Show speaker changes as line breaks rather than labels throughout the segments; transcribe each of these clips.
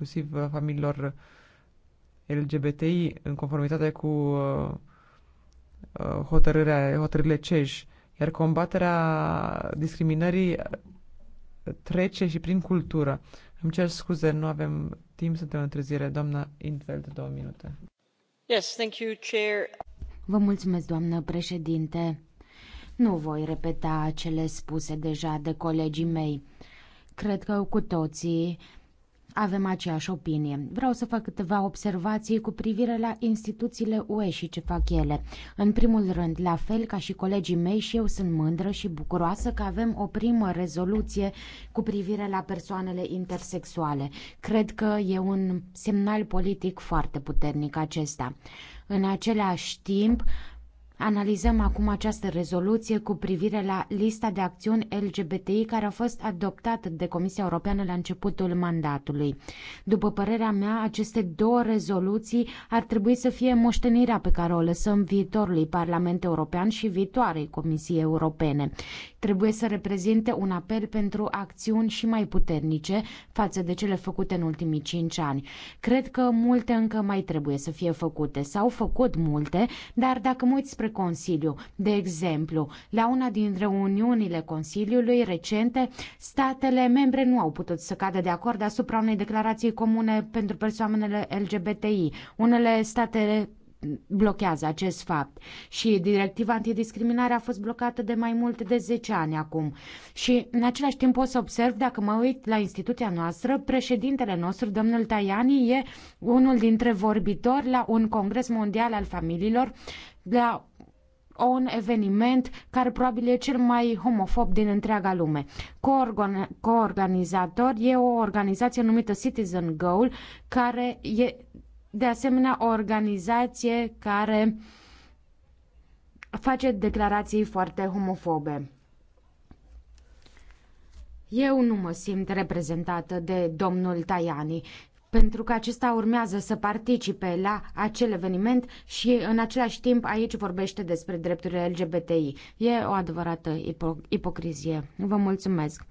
inclusiv uh, familiilor uh, LGBTI, în conformitate cu uh, hotărârea, hotărârile CEJ. Iar combaterea discriminării trece și prin cultură. Îmi cer scuze, nu avem
timp, suntem în întârziere. Doamna Intveld, două minute.
Yes, thank you, Chair.
Vă mulțumesc, doamnă președinte. Nu voi repeta cele spuse deja de colegii mei. Cred că cu toții avem aceeași opinie. Vreau să fac câteva observații cu privire la instituțiile UE și ce fac ele. În primul rând, la fel ca și colegii mei și eu sunt mândră și bucuroasă că avem o primă rezoluție cu privire la persoanele intersexuale. Cred că e un semnal politic foarte puternic acesta. În același timp, Analizăm acum această rezoluție cu privire la lista de acțiuni LGBTI care a fost adoptată de Comisia Europeană la începutul mandatului. După părerea mea, aceste două rezoluții ar trebui să fie moștenirea pe care o lăsăm viitorului Parlament European și viitoarei Comisii Europene trebuie să reprezinte un apel pentru acțiuni și mai puternice față de cele făcute în ultimii cinci ani. Cred că multe încă mai trebuie să fie făcute. S-au făcut multe, dar dacă mă uit spre Consiliu, de exemplu, la una din reuniunile Consiliului recente, statele membre nu au putut să cadă de acord asupra unei declarații comune pentru persoanele LGBTI. Unele statele blochează acest fapt. Și directiva antidiscriminare a fost blocată de mai mult de 10 ani acum. Și în același timp o să observ, dacă mă uit la instituția noastră, președintele nostru, domnul Tajani, e unul dintre vorbitori la un congres mondial al familiilor, la un eveniment care probabil e cel mai homofob din întreaga lume. Coorganizator e o organizație numită Citizen Goal, care e de asemenea o organizație care face declarații foarte homofobe. Eu nu mă simt reprezentată de domnul Tajani, pentru că acesta urmează să participe la acel eveniment și în același timp aici vorbește despre drepturile LGBTI. E o adevărată ipo- ipocrizie. Vă mulțumesc.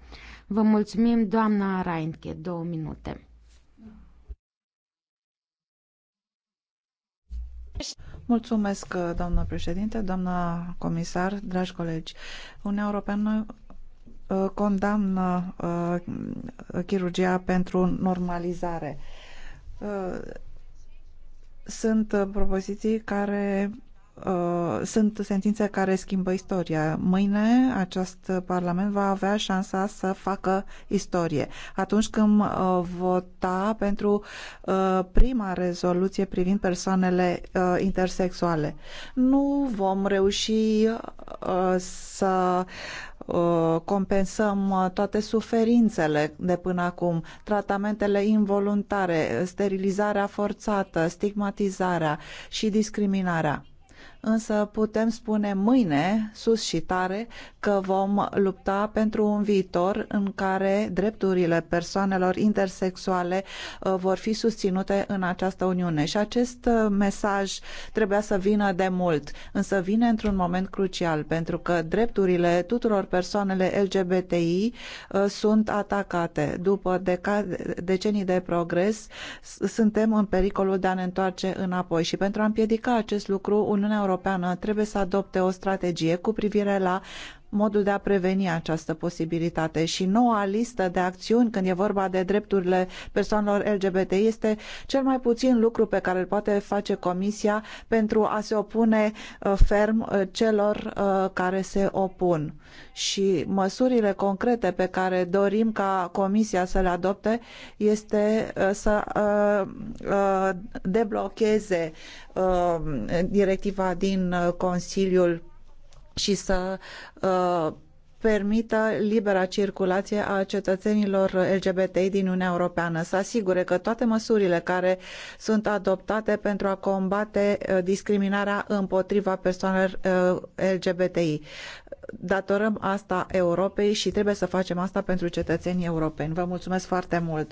Vă mulțumim, doamna Reinke, două minute. Mulțumesc,
doamnă președinte, doamnă comisar, dragi colegi. Uniunea Europeană uh, condamnă uh, chirurgia pentru normalizare. Uh, sunt propoziții care Uh, sunt sentințe care schimbă istoria. Mâine acest Parlament va avea șansa să facă istorie. Atunci când uh, vota pentru uh, prima rezoluție privind persoanele uh, intersexuale, nu vom reuși uh, să uh, compensăm uh, toate suferințele de până acum, tratamentele involuntare, sterilizarea forțată, stigmatizarea și discriminarea însă putem spune mâine, sus și tare, că vom lupta pentru un viitor în care drepturile persoanelor intersexuale uh, vor fi susținute în această Uniune. Și acest uh, mesaj trebuia să vină de mult, însă vine într-un moment crucial, pentru că drepturile tuturor persoanele LGBTI uh, sunt atacate. După decenii de progres, suntem în pericolul de a ne întoarce înapoi și pentru a împiedica acest lucru, Uniunea Europeană Europeană trebuie să adopte o strategie cu privire la modul de a preveni această posibilitate și noua listă de acțiuni când e vorba de drepturile persoanelor LGBT este cel mai puțin lucru pe care îl poate face Comisia pentru a se opune uh, ferm uh, celor uh, care se opun. Și măsurile concrete pe care dorim ca Comisia să le adopte este să deblocheze directiva din Consiliul și să uh, permită libera circulație a cetățenilor LGBTI din Uniunea Europeană, să asigure că toate măsurile care sunt adoptate pentru a combate uh, discriminarea împotriva persoanelor uh, LGBTI. Datorăm asta Europei și trebuie să facem asta pentru cetățenii europeni. Vă mulțumesc foarte mult!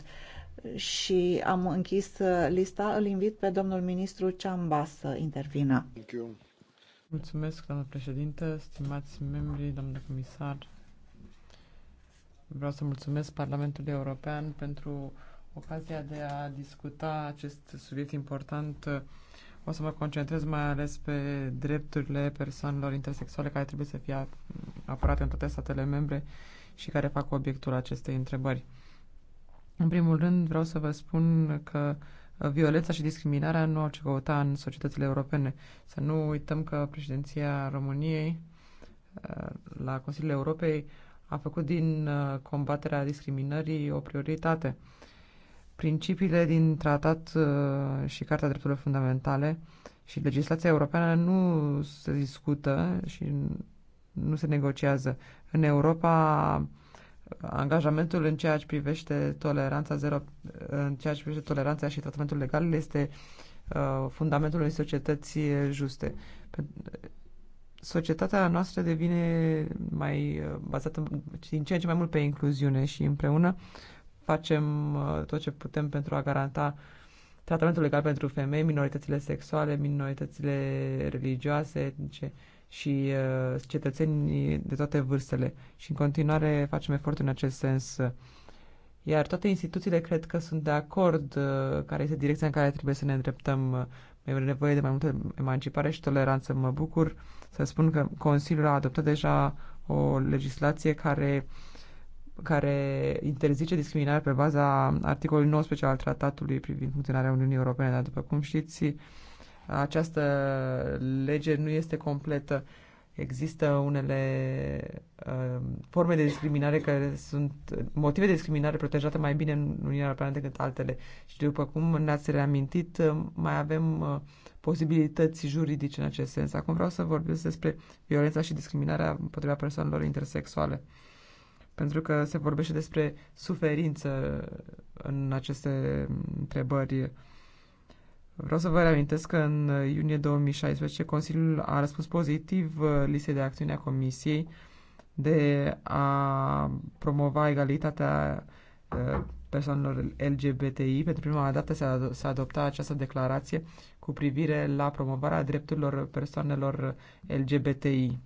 Și am închis uh, lista. Îl invit pe domnul ministru Ciamba să intervină. Mulțumesc.
Mulțumesc, doamnă președinte, stimați membri, doamnă comisar. Vreau să mulțumesc Parlamentului European pentru ocazia de a discuta acest subiect important. O să mă concentrez mai ales pe drepturile persoanelor intersexuale care trebuie să fie apărate în toate statele membre și care fac obiectul acestei întrebări. În primul rând, vreau să vă spun că uh, violența și discriminarea nu au ce căuta în societățile europene. Să nu uităm că președinția României uh, la Consiliul Europei a făcut din uh, combaterea discriminării o prioritate. Principiile din tratat uh, și Carta Drepturilor Fundamentale și legislația europeană nu se discută și nu se negociază. În Europa angajamentul în ceea ce privește toleranța zero, în ceea ce privește toleranța și tratamentul legal este uh, fundamentul unei societăți uh, juste. Societatea noastră devine mai uh, bazată din ceea ce mai mult pe incluziune și împreună facem uh, tot ce putem pentru a garanta tratamentul legal pentru femei, minoritățile sexuale, minoritățile religioase, etnice, și uh, cetățenii de toate vârstele și în continuare facem eforturi în acest sens. Iar toate instituțiile cred că sunt de acord uh, care este direcția în care trebuie să ne îndreptăm. Uh, e nevoie de mai multă emancipare și toleranță. Mă bucur să spun că Consiliul a adoptat deja o legislație care care interzice discriminarea pe baza articolului 19 al tratatului privind funcționarea Uniunii Europene, dar după cum știți, această lege nu este completă. Există unele uh, forme de discriminare care sunt motive de discriminare protejate mai bine în Uniunea Europeană decât altele. Și după cum ne-ați reamintit, uh, mai avem uh, posibilități juridice în acest sens. Acum vreau să vorbesc despre violența și discriminarea împotriva persoanelor intersexuale. Pentru că se vorbește despre suferință în aceste mm, întrebări Vreau să vă reamintesc că în iunie 2016 Consiliul a răspuns pozitiv uh, listei de acțiune a Comisiei de a promova egalitatea uh, persoanelor LGBTI. Pentru prima dată s-a, adoptat această declarație cu privire la promovarea drepturilor persoanelor LGBTI.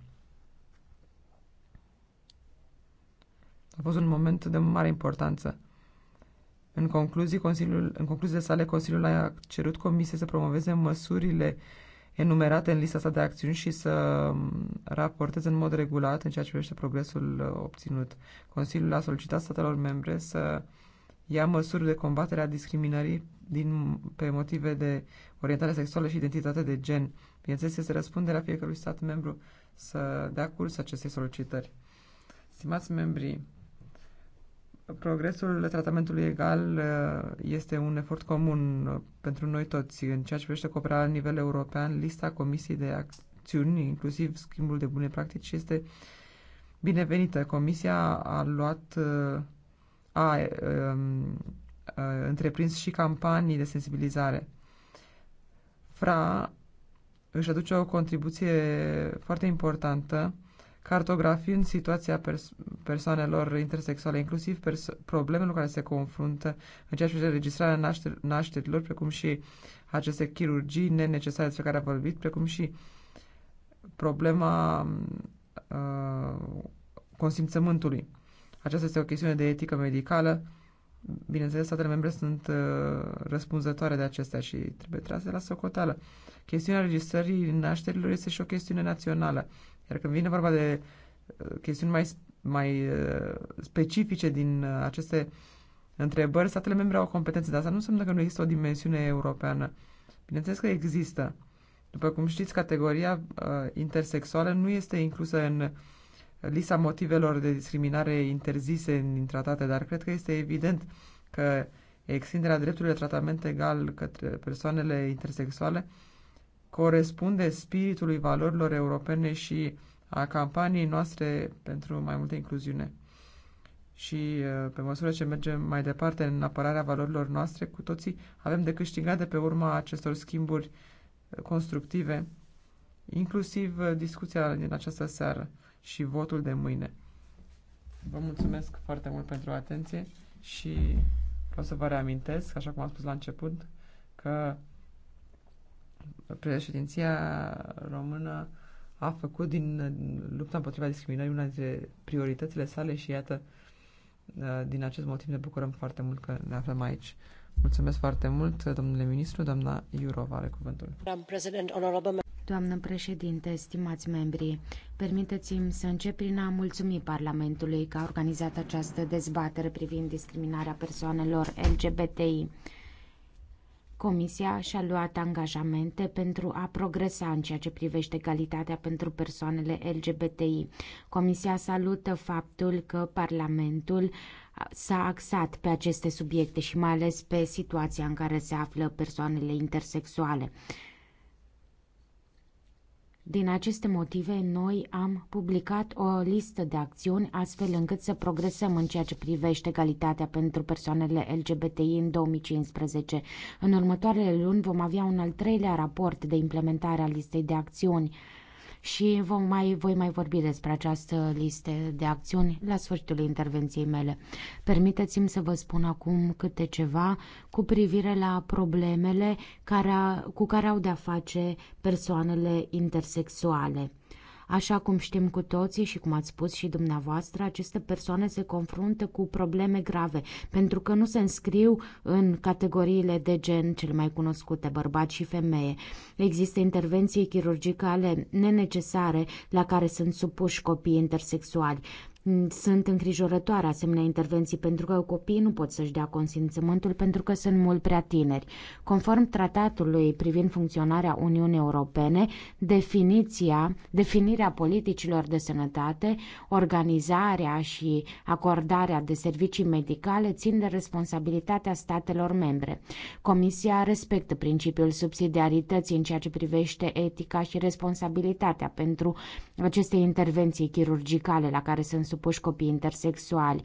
A fost un moment de mare importanță. În, concluzii, Consiliul, în concluziile sale, Consiliul a cerut Comisiei să promoveze măsurile enumerate în lista sa de acțiuni și să mm, raporteze în mod regulat în ceea ce privește progresul uh, obținut. Consiliul a solicitat statelor membre să ia măsuri de combatere a discriminării din, pe motive de orientare sexuală și identitate de gen. Bineînțeles, este răspunderea fiecărui stat membru să dea curs acestei solicitări. Stimați membrii, progresul tratamentului egal uh, este un efort comun uh, pentru noi toți. În ceea ce privește cooperarea la nivel european, lista Comisiei de Acțiuni, inclusiv schimbul de bune practici, este binevenită. Comisia a luat, uh, a, a, um, a întreprins și campanii de sensibilizare. FRA își aduce o contribuție foarte importantă cartografiind situația pers- persoanelor intersexuale, inclusiv pers- cu care se confruntă în ceea ce privește registrarea nașter- nașterilor, precum și aceste chirurgii nenecesare despre care a vorbit, precum și problema uh, consimțământului. Aceasta este o chestiune de etică medicală Bineînțeles, statele membre sunt uh, răspunzătoare de acestea și trebuie trase la socoteală. Chestiunea registrării nașterilor este și o chestiune națională. Iar când vine vorba de uh, chestiuni mai, mai uh, specifice din aceste întrebări, statele membre au competențe, dar asta nu înseamnă că nu există o dimensiune europeană. Bineînțeles că există. După cum știți, categoria uh, intersexuală nu este inclusă în lista motivelor de discriminare interzise din tratate, dar cred că este evident că extinderea dreptului de tratament egal către persoanele intersexuale corespunde spiritului valorilor europene și a campaniei noastre pentru mai multă incluziune. Și uh, pe măsură ce mergem mai departe în apărarea valorilor noastre, cu toții avem de câștigat de pe urma acestor schimburi uh, constructive, inclusiv uh, discuția din această seară și votul de mâine. Vă mulțumesc foarte mult pentru atenție și vreau să vă reamintesc, așa cum am spus la început, că președinția română a făcut din lupta împotriva discriminării una dintre prioritățile sale și iată, din acest motiv ne bucurăm foarte mult că ne aflăm aici. Mulțumesc foarte mult, domnule ministru, doamna Iurova are cuvântul.
Doamnă președinte, stimați membri, permiteți-mi să încep prin a mulțumi Parlamentului că a organizat această dezbatere privind discriminarea persoanelor LGBTI. Comisia și-a luat angajamente pentru a progresa în ceea ce privește egalitatea pentru persoanele LGBTI. Comisia salută faptul că Parlamentul s-a axat pe aceste subiecte și mai ales pe situația în care se află persoanele intersexuale. Din aceste motive, noi am publicat o listă de acțiuni astfel încât să progresăm în ceea ce privește egalitatea pentru persoanele LGBTI în 2015. În următoarele luni vom avea un al treilea raport de implementare a listei de acțiuni și vom mai, voi mai vorbi despre această listă de acțiuni la sfârșitul intervenției mele. Permiteți-mi să vă spun acum câte ceva cu privire la problemele care, cu care au de-a face persoanele intersexuale. Așa cum știm cu toții și cum ați spus și dumneavoastră, aceste persoane se confruntă cu probleme grave pentru că nu se înscriu în categoriile de gen cele mai cunoscute, bărbat și femeie. Există intervenții chirurgicale nenecesare la care sunt supuși copiii intersexuali. Sunt îngrijorătoare asemenea intervenții pentru că copiii nu pot să-și dea consimțământul pentru că sunt mult prea tineri. Conform tratatului privind funcționarea Uniunii Europene, definiția, definirea politicilor de sănătate, organizarea și acordarea de servicii medicale țin de responsabilitatea statelor membre. Comisia respectă principiul subsidiarității în ceea ce privește etica și responsabilitatea pentru aceste intervenții chirurgicale la care sunt supuși copii intersexuali.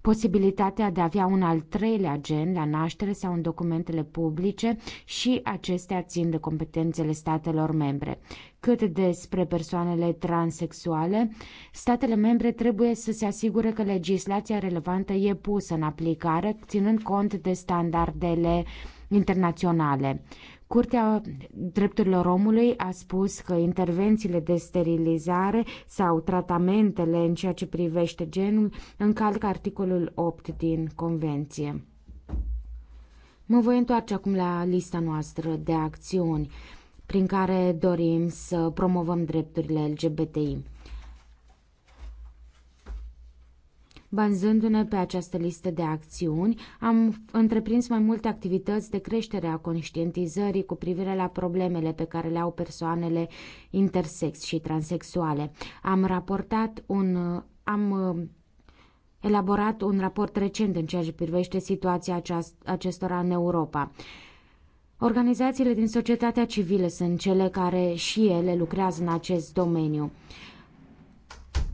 Posibilitatea de a avea un al treilea gen la naștere sau în documentele publice și acestea țin de competențele statelor membre. Cât despre persoanele transexuale, statele membre trebuie să se asigure că legislația relevantă e pusă în aplicare, ținând cont de standardele internaționale. Curtea Drepturilor Omului a spus că intervențiile de sterilizare sau tratamentele în ceea ce privește genul încalcă articolul 8 din Convenție. Mă voi întoarce acum la lista noastră de acțiuni prin care dorim să promovăm drepturile LGBTI. Bazându-ne pe această listă de acțiuni, am întreprins mai multe activități de creștere a conștientizării cu privire la problemele pe care le au persoanele intersex și transexuale. Am raportat un... am uh, elaborat un raport recent în ceea ce privește situația acestora în Europa. Organizațiile din societatea civilă sunt cele care și ele lucrează în acest domeniu.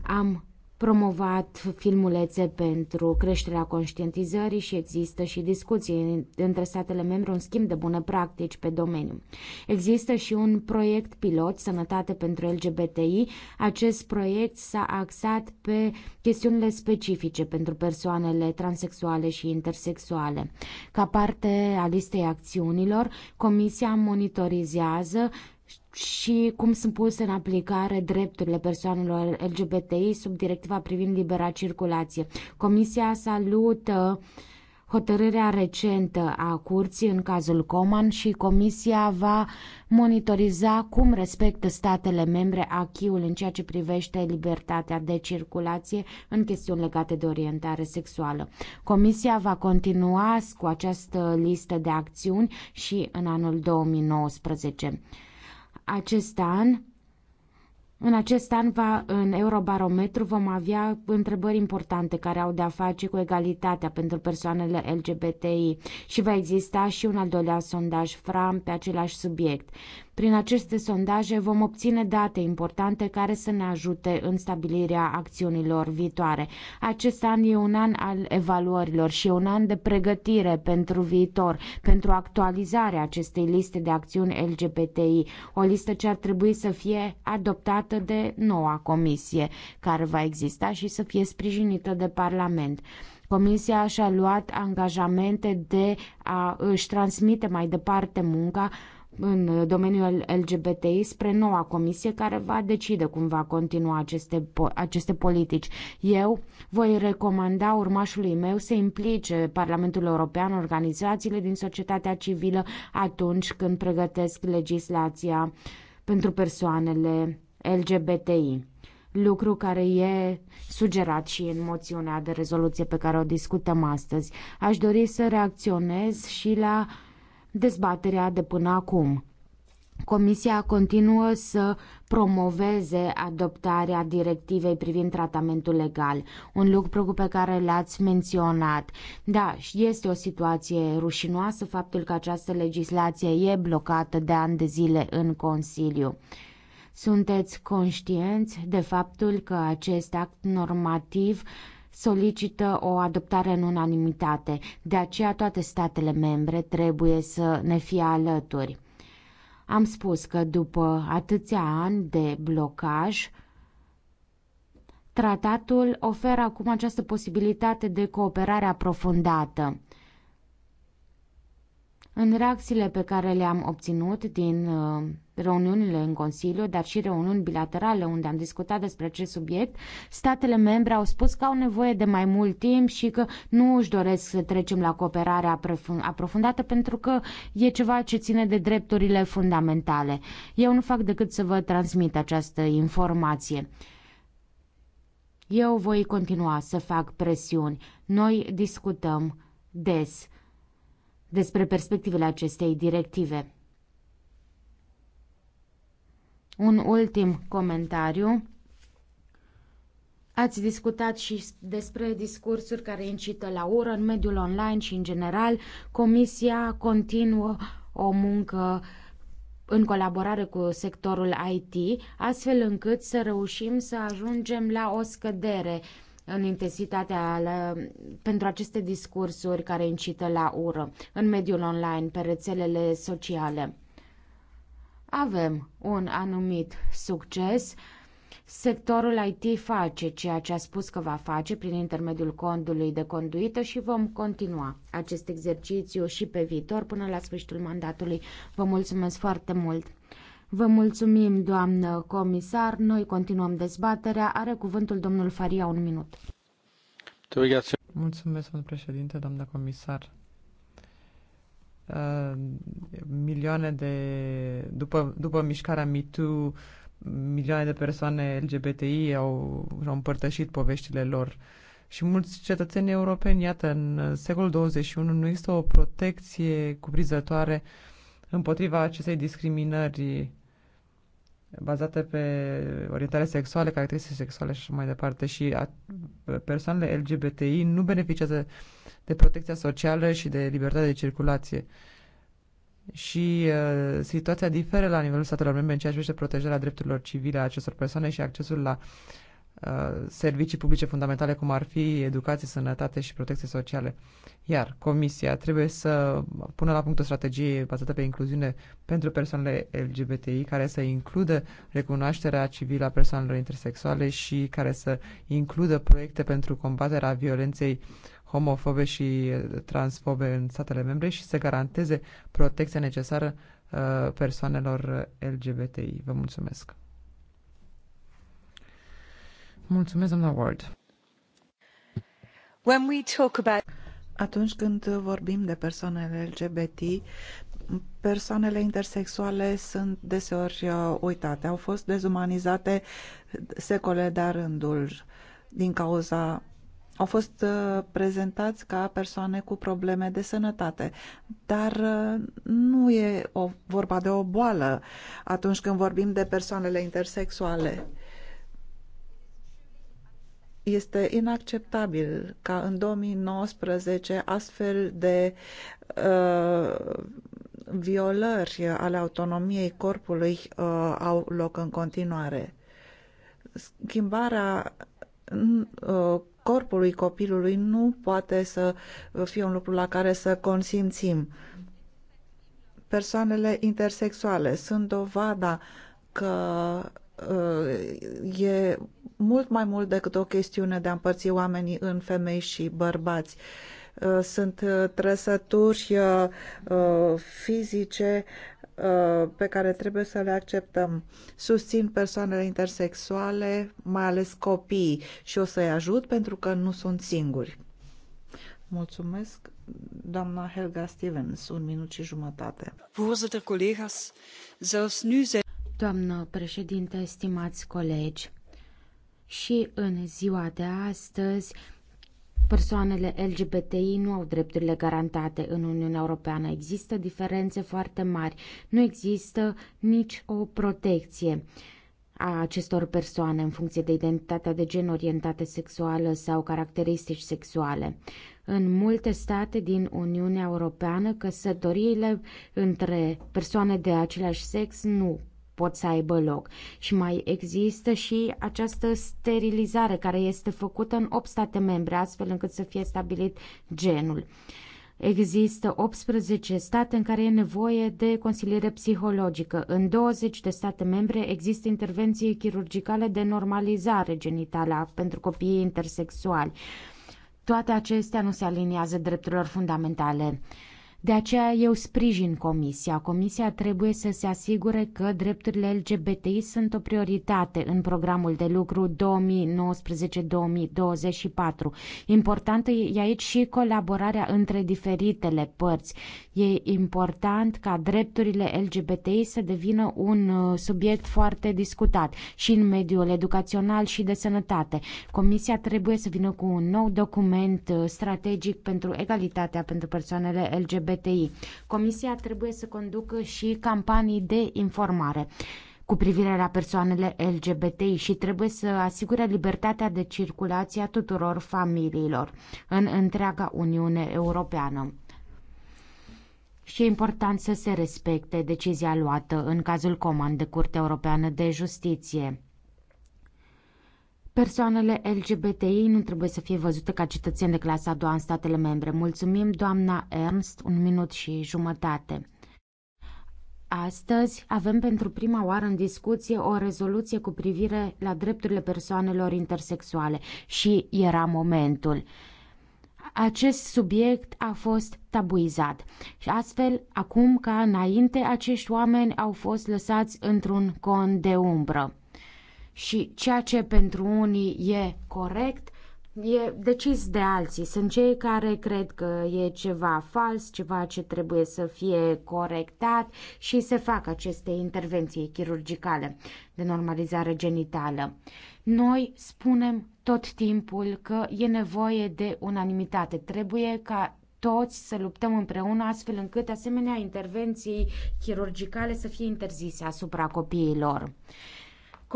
Am promovat filmulețe pentru creșterea conștientizării și există și discuții între statele membre, un schimb de bune practici pe domeniu. Există și un proiect pilot, Sănătate pentru LGBTI. Acest proiect s-a axat pe chestiunile specifice pentru persoanele transexuale și intersexuale. Ca parte a listei acțiunilor, Comisia monitorizează și cum sunt puse în aplicare drepturile persoanelor LGBTI sub directiva privind libera circulație. Comisia salută hotărârea recentă a curții în cazul Coman și Comisia va monitoriza cum respectă statele membre achiul în ceea ce privește libertatea de circulație în chestiuni legate de orientare sexuală. Comisia va continua cu această listă de acțiuni și în anul 2019 acest an, în acest an, va, în Eurobarometru, vom avea întrebări importante care au de-a face cu egalitatea pentru persoanele LGBTI și va exista și un al doilea sondaj FRAM pe același subiect. Prin aceste sondaje vom obține date importante care să ne ajute în stabilirea acțiunilor viitoare. Acest an e un an al evaluărilor și un an de pregătire pentru viitor, pentru actualizarea acestei liste de acțiuni LGBTI, o listă ce ar trebui să fie adoptată de noua comisie care va exista și să fie sprijinită de Parlament. Comisia și-a luat angajamente de a își transmite mai departe munca în domeniul LGBTI spre noua comisie care va decide cum va continua aceste, aceste politici. Eu voi recomanda urmașului meu să implice Parlamentul European, organizațiile din societatea civilă atunci când pregătesc legislația pentru persoanele LGBTI lucru care e sugerat și în moțiunea de rezoluție pe care o discutăm astăzi. Aș dori să reacționez și la dezbaterea de până acum. Comisia continuă să promoveze adoptarea directivei privind tratamentul legal, un lucru pe care l-ați menționat. Da, este o situație rușinoasă faptul că această legislație e blocată de ani de zile în Consiliu. Sunteți conștienți de faptul că acest act normativ uh, solicită o adoptare în unanimitate. De aceea toate statele membre trebuie să ne fie alături. Am spus că după atâția ani de blocaj, tratatul oferă acum această posibilitate de cooperare aprofundată. În reacțiile pe care le-am obținut din uh, reuniunile în Consiliu, dar și reuniuni bilaterale unde am discutat despre acest subiect, statele membre au spus că au nevoie de mai mult timp și că nu își doresc să trecem la cooperare aprofundată pentru că e ceva ce ține de drepturile fundamentale. Eu nu fac decât să vă transmit această informație. Eu voi continua să fac presiuni. Noi discutăm des despre perspectivele acestei directive. Un ultim comentariu. Ați discutat și despre discursuri care incită la ură în mediul online și în general. Comisia continuă o muncă în colaborare cu sectorul IT, astfel încât să reușim să ajungem la o scădere în intensitatea la, pentru aceste discursuri care incită la ură în mediul online, pe rețelele sociale. Avem un anumit succes. Sectorul IT face ceea ce a spus că va face prin intermediul condului de conduită și vom continua acest exercițiu și pe viitor până la sfârșitul mandatului. Vă mulțumesc foarte mult! Vă mulțumim, doamnă comisar. Noi continuăm dezbaterea. Are cuvântul domnul Faria un minut.
Mulțumesc, domnul președinte, doamnă comisar. Uh, milioane de, după, după mișcarea MeToo, milioane de persoane LGBTI au, au împărtășit poveștile lor. Și mulți cetățeni europeni, iată, în secolul 21 nu există o protecție cuprizătoare împotriva acestei discriminări bazate pe orientare sexuale, caracteristici sexuale și mai departe. Și a, persoanele LGBTI nu beneficiază de protecția socială și de libertate de circulație. Și uh, situația diferă la nivelul statelor membre în ceea ce privește protejarea drepturilor civile a acestor persoane și accesul la uh, Uh, servicii publice fundamentale, cum ar fi educație, sănătate și protecție sociale. Iar Comisia trebuie să pună la punct o strategie bazată pe incluziune pentru persoanele LGBTI, care să includă recunoașterea civilă a persoanelor intersexuale și care să includă proiecte pentru combaterea violenței homofobe și transfobe în statele membre și să garanteze protecția necesară uh, persoanelor LGBTI. Vă mulțumesc! Mulțumesc, doamna Ward.
When we talk about... Atunci când vorbim de persoanele LGBT, persoanele intersexuale sunt deseori uh, uitate. Au fost dezumanizate secole de-a rândul din cauza au fost uh, prezentați ca persoane cu probleme de sănătate, dar uh, nu e o, vorba de o boală atunci când vorbim de persoanele intersexuale este inacceptabil ca în 2019 astfel de uh, violări ale autonomiei corpului uh, au loc în continuare. Schimbarea uh, corpului copilului nu poate să fie un lucru la care să consimțim. Persoanele intersexuale sunt dovada că Uh, e mult mai mult decât o chestiune de a împărți oamenii în femei și bărbați. Uh, sunt uh, trăsături fizice pe care trebuie să le acceptăm. Susțin persoanele intersexuale, mai ales copiii, și o să-i ajut pentru că nu sunt singuri. Mulțumesc, doamna Helga Stevens, un minut și
jumătate. Voorzitter, collega's, nu Doamnă președinte, stimați colegi, și în ziua de astăzi Persoanele LGBTI nu au drepturile garantate în Uniunea Europeană. Există diferențe foarte mari. Nu există nici o protecție a acestor persoane în funcție de identitatea de gen, orientate sexuală sau caracteristici sexuale. În multe state din Uniunea Europeană, căsătoriile între persoane de același sex nu pot să aibă loc. Și mai există și această sterilizare care este făcută în 8 state membre, astfel încât să fie stabilit genul. Există 18 state în care e nevoie de consiliere psihologică. În 20 de state membre există intervenții chirurgicale de normalizare genitală pentru copiii intersexuali. Toate acestea nu se aliniază drepturilor fundamentale. De aceea eu sprijin Comisia. Comisia trebuie să se asigure că drepturile LGBTI sunt o prioritate în programul de lucru 2019-2024. Importantă e aici și colaborarea între diferitele părți. E important ca drepturile LGBTI să devină un uh, subiect foarte discutat și în mediul educațional și de sănătate. Comisia trebuie să vină cu un nou document uh, strategic pentru egalitatea pentru persoanele LGBT LGBTI. Comisia trebuie să conducă și campanii de informare cu privire la persoanele LGBTI și trebuie să asigure libertatea de circulație a tuturor familiilor în întreaga Uniune Europeană. Și e important să se respecte decizia luată în cazul comand de Curtea Europeană de Justiție. Persoanele LGBTI nu trebuie să fie văzute ca cetățeni de clasa a doua în statele membre. Mulțumim, doamna Ernst, un minut și jumătate. Astăzi avem pentru prima oară în discuție o rezoluție cu privire la drepturile persoanelor intersexuale și era momentul. Acest subiect a fost tabuizat și astfel, acum ca înainte, acești oameni au fost lăsați într-un con de umbră și ceea ce pentru unii e corect e decis de alții. Sunt cei care cred că e ceva fals, ceva ce trebuie să fie corectat și se fac aceste intervenții chirurgicale de normalizare genitală. Noi spunem tot timpul că e nevoie de unanimitate. Trebuie ca toți să luptăm împreună astfel încât asemenea intervenții chirurgicale să fie interzise asupra copiilor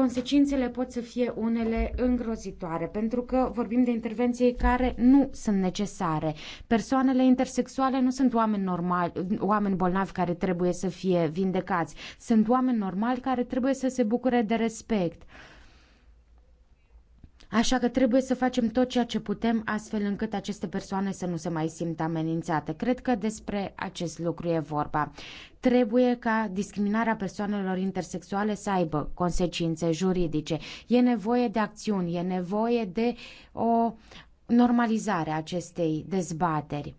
consecințele pot să fie unele îngrozitoare, pentru că vorbim de intervenții care nu sunt necesare. Persoanele intersexuale nu sunt oameni normali, oameni bolnavi care trebuie să fie vindecați. Sunt oameni normali care trebuie să se bucure de respect. Așa că trebuie să facem tot ceea ce putem astfel încât aceste persoane să nu se mai simtă amenințate. Cred că despre acest lucru e vorba. Trebuie ca discriminarea persoanelor intersexuale să aibă consecințe juridice. E nevoie de acțiuni, e nevoie de o normalizare a acestei dezbateri.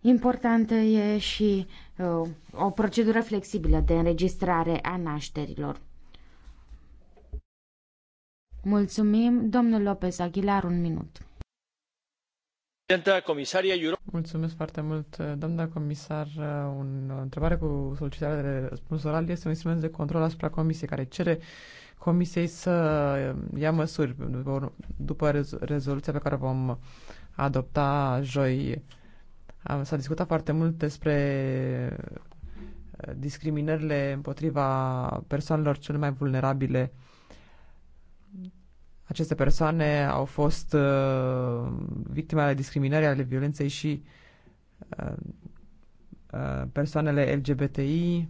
Importantă e și uh, o procedură flexibilă de înregistrare a nașterilor. Mulțumim, domnul Lopez Aguilar, un minut.
Mulțumesc foarte mult, doamna comisar. Un, o întrebare cu solicitare de răspuns oral este un instrument de control asupra comisiei care cere comisiei să ia măsuri după, după rezoluția pe care o vom adopta joi. S-a discutat foarte mult despre discriminările împotriva persoanelor cele mai vulnerabile aceste persoane au fost uh, victime ale discriminării, ale violenței și uh, uh, persoanele LGBTI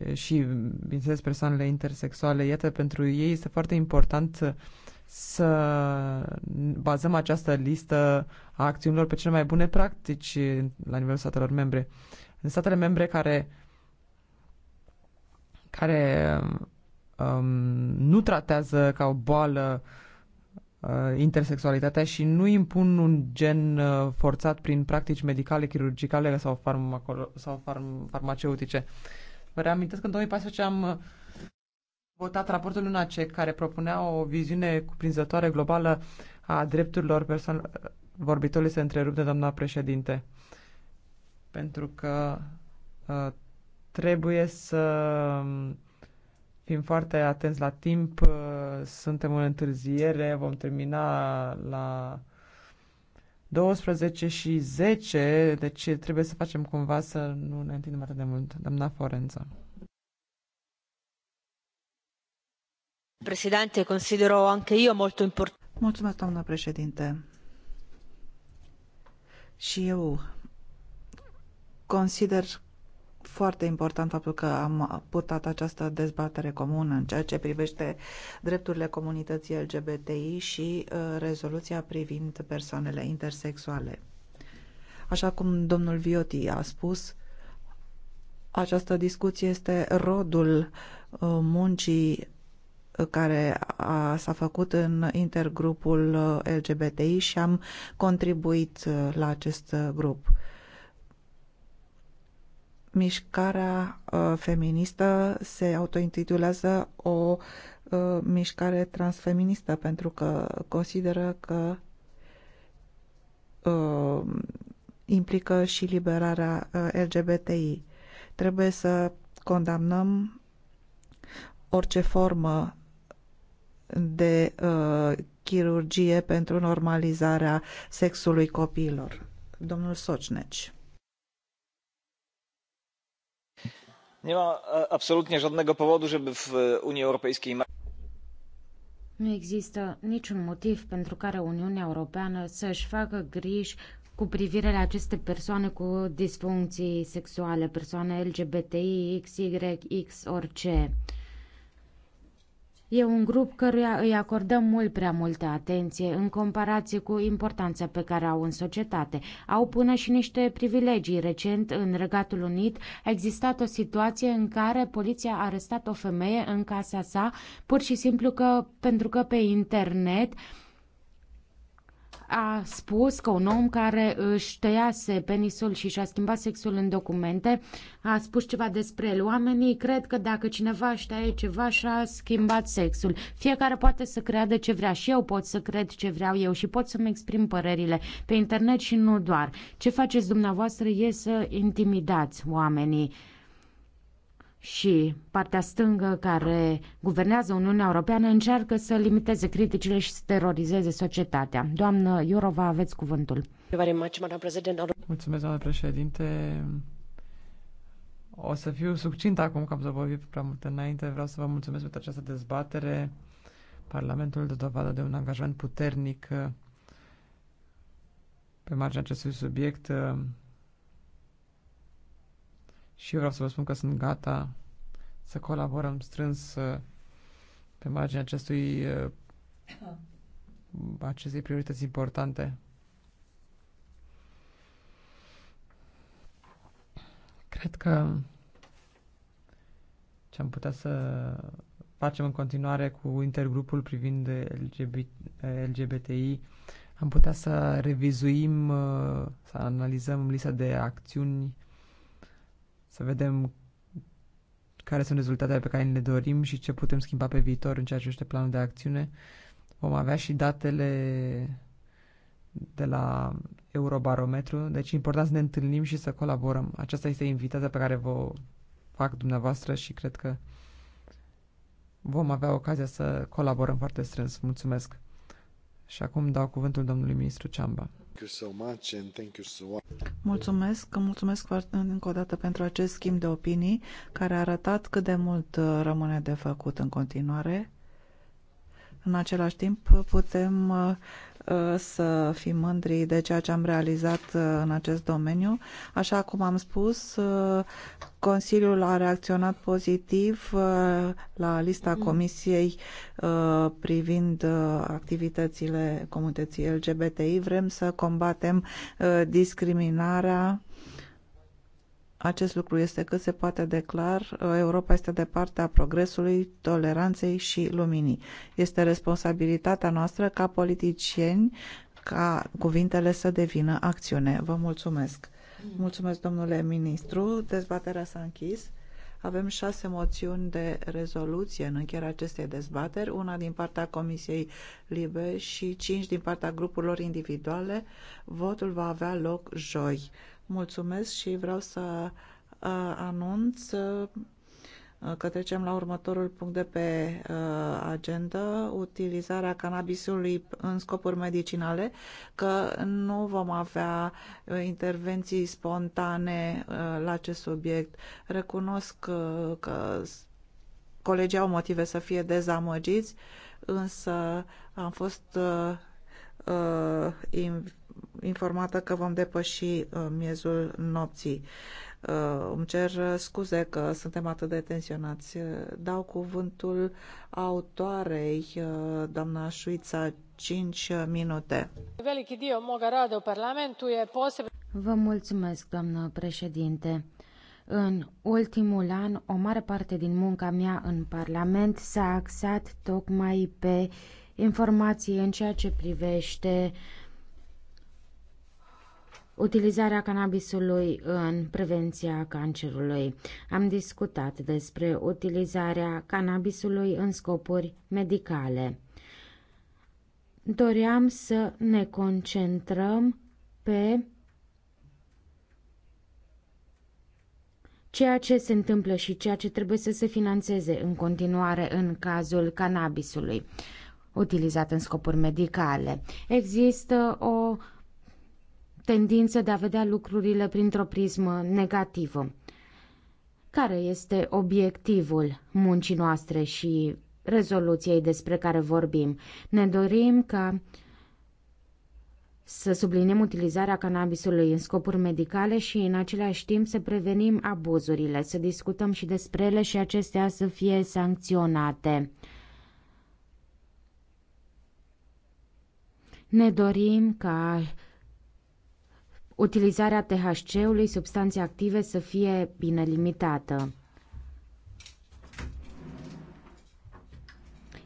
uh, și, bineînțeles, persoanele intersexuale. Iată, pentru ei este foarte important să bazăm această listă a acțiunilor pe cele mai bune practici la nivelul statelor membre. În statele membre care care um, nu tratează ca o boală uh, intersexualitatea și nu impun un gen uh, forțat prin practici medicale, chirurgicale sau, farmacolo- sau farm- farmaceutice. Vă reamintesc că în 2014 am uh, votat raportul Lunacek care propunea o viziune cuprinzătoare globală a drepturilor persoanelor. Vorbitorul se întrerupe, doamna președinte, pentru că uh, trebuie să um, Fim foarte atenți la timp, uh, suntem în întârziere, vom termina la 12 și 10, deci trebuie să facem cumva să nu ne întindem atât de mult. Doamna Forența.
Presidente, considero anche io molto importante.
Mulțumesc, doamna președinte. Și eu consider foarte important faptul că am purtat această dezbatere comună în ceea ce privește drepturile comunității LGBTI și uh, rezoluția privind persoanele intersexuale. Așa cum domnul Vioti a spus, această discuție este rodul uh, muncii uh, care s-a făcut în intergrupul LGBTI și am contribuit la acest grup mișcarea uh, feministă se autointitulează o uh, mișcare transfeministă pentru că consideră că uh, implică și liberarea LGBTI. Trebuie să condamnăm orice formă de uh, chirurgie pentru normalizarea sexului copiilor. Domnul Socneci. Nie ma absolutnie żadnego
powodu, żeby w Unii Europejskiej.
Nu există niciun motiv pentru care Uniunea Europeană să-și facă griji cu privire la aceste persoane cu disfuncții sexuale, persoane LGBTI, XY, X, orice. E un grup căruia îi acordăm mult prea multă atenție în comparație cu importanța pe care au în societate. Au până și niște privilegii. Recent, în Regatul Unit, a existat o situație în care poliția a arestat o femeie în casa sa, pur și simplu că, pentru că pe internet a spus că un om care își tăiase penisul și și-a schimbat sexul în documente a spus ceva despre el. Oamenii cred că dacă cineva își taie ceva și-a schimbat sexul. Fiecare poate să creadă ce vrea și eu pot să cred ce vreau eu și pot să-mi exprim părerile pe internet și nu doar. Ce faceți dumneavoastră e să intimidați oamenii și partea stângă care guvernează Uniunea Europeană încearcă să limiteze criticile și să terorizeze societatea. Doamnă Iurova, aveți cuvântul. Mulțumesc, doamnă
președinte. O să fiu succint acum că am zăbovit prea mult înainte. Vreau să vă mulțumesc pentru această dezbatere. Parlamentul de dovadă de un angajament puternic pe marginea acestui subiect și vreau să vă spun că sunt gata să colaborăm strâns uh, pe marginea acestui uh, acestei priorități importante. Cred că ce am putea să facem în continuare cu intergrupul privind LGBT, LGBTI, am putea să revizuim, uh, să analizăm lista de acțiuni să vedem care sunt rezultatele pe care le dorim și ce putem schimba pe viitor în ceea ce este planul de acțiune. Vom avea și datele de la Eurobarometru, deci e important să ne întâlnim și să colaborăm. Aceasta este invitația pe care vă fac dumneavoastră și cred că vom avea ocazia să colaborăm foarte strâns. Mulțumesc!
Și acum dau cuvântul domnului ministru Ciamba. Mulțumesc, mulțumesc încă o dată pentru acest schimb de opinii care a arătat cât de mult uh, rămâne de făcut în continuare. În același timp putem uh, Uh, să fim mândri de ceea ce am realizat uh, în acest domeniu. Așa cum am spus, uh, Consiliul a reacționat pozitiv la lista mm. Comisiei privind activitățile comunității LGBTI. Vrem să combatem discriminarea acest lucru este cât se poate de clar. Europa este de partea progresului, toleranței și luminii. Este responsabilitatea noastră ca politicieni ca cuvintele să devină acțiune. Vă mulțumesc. Mulțumesc, domnule ministru. Dezbaterea s-a închis. Avem șase moțiuni de rezoluție în încheierea acestei dezbateri, una din partea Comisiei Libe și cinci din partea grupurilor individuale. Votul va avea loc joi. Mulțumesc și vreau să uh, anunț uh, că trecem la următorul punct de pe uh, agenda, utilizarea cannabisului în scopuri medicinale, că nu vom avea intervenții spontane la acest subiect. Recunosc că, că colegii au motive să fie dezamăgiți, însă am fost uh, informată că vom depăși uh, miezul nopții. Uh, îmi cer scuze că suntem atât de tensionați. Uh, dau cuvântul autoarei, doamna Șuița, 5 minute.
Vă mulțumesc, doamnă președinte. În ultimul an, o mare parte din munca mea în Parlament s-a axat tocmai pe informații în ceea ce privește uh, utilizarea cannabisului în prevenția cancerului. Am discutat despre utilizarea cannabisului în scopuri medicale. Doream să ne concentrăm pe ceea ce se întâmplă și ceea ce trebuie să se financeze în continuare în cazul cannabisului utilizat în scopuri medicale. Există o tendință de a vedea lucrurile printr-o prismă negativă. Care este obiectivul muncii noastre și rezoluției despre care vorbim? Ne dorim ca să subliniem utilizarea cannabisului în scopuri medicale și în același timp să prevenim abuzurile, să discutăm și despre ele și acestea să fie sancționate. Ne dorim ca utilizarea THC-ului, substanțe active, să fie bine limitată.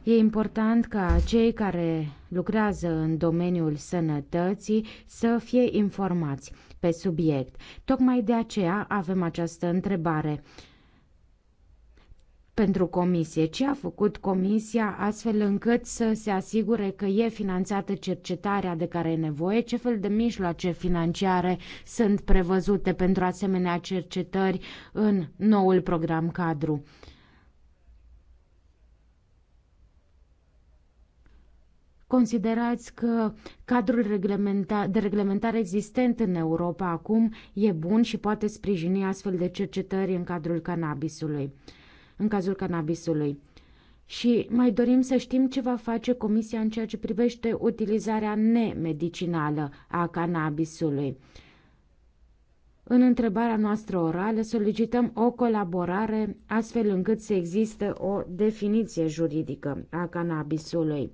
E important ca cei care lucrează în domeniul sănătății să fie informați pe subiect. Tocmai de aceea avem această întrebare pentru comisie. Ce a făcut comisia astfel încât să se asigure că e finanțată cercetarea de care e nevoie? Ce fel de mijloace financiare sunt prevăzute pentru asemenea cercetări în noul program cadru? Considerați că cadrul de reglementare existent în Europa acum e bun și poate sprijini astfel de cercetări în cadrul cannabisului în cazul cannabisului. Și mai dorim să știm ce va face Comisia în ceea ce privește utilizarea nemedicinală a cannabisului. În întrebarea noastră orală solicităm o colaborare astfel încât să existe o definiție juridică a cannabisului.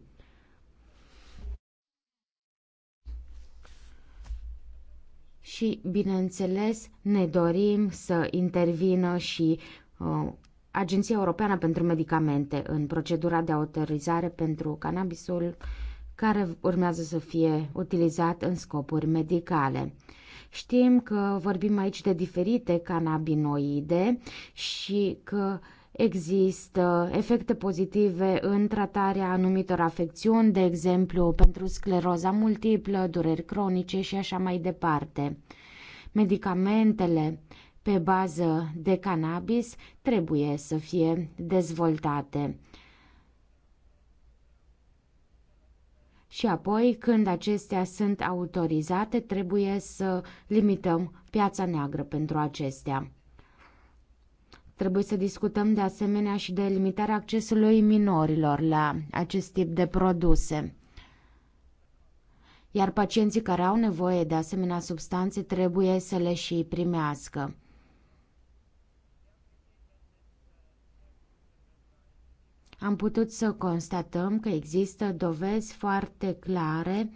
Și, bineînțeles, ne dorim să intervină și uh, Agenția Europeană pentru Medicamente în procedura de autorizare pentru cannabisul care urmează să fie utilizat în scopuri medicale. Știm că vorbim aici de diferite cannabinoide și că există efecte pozitive în tratarea anumitor afecțiuni, de exemplu pentru scleroza multiplă, dureri cronice și așa mai departe. Medicamentele pe bază de cannabis trebuie să fie dezvoltate. Și apoi, când acestea sunt autorizate, trebuie să limităm piața neagră pentru acestea. Trebuie să discutăm de asemenea și de limitarea accesului minorilor la acest tip de produse. Iar pacienții care au nevoie de asemenea substanțe trebuie să le și primească. am putut să constatăm că există dovezi foarte clare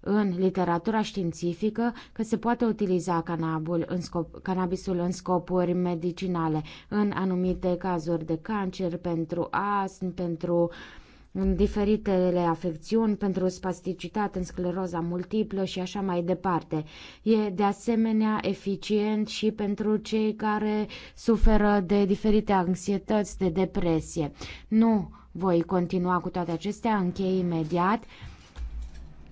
în literatura științifică că se poate utiliza cannabul în scop, cannabisul în scopuri medicinale, în anumite cazuri de cancer, pentru astm, pentru uh, în diferitele afecțiuni pentru spasticitate, în scleroza multiplă și așa mai departe. E de asemenea eficient și pentru cei care suferă de diferite anxietăți, de depresie. Nu voi continua cu toate acestea, închei imediat.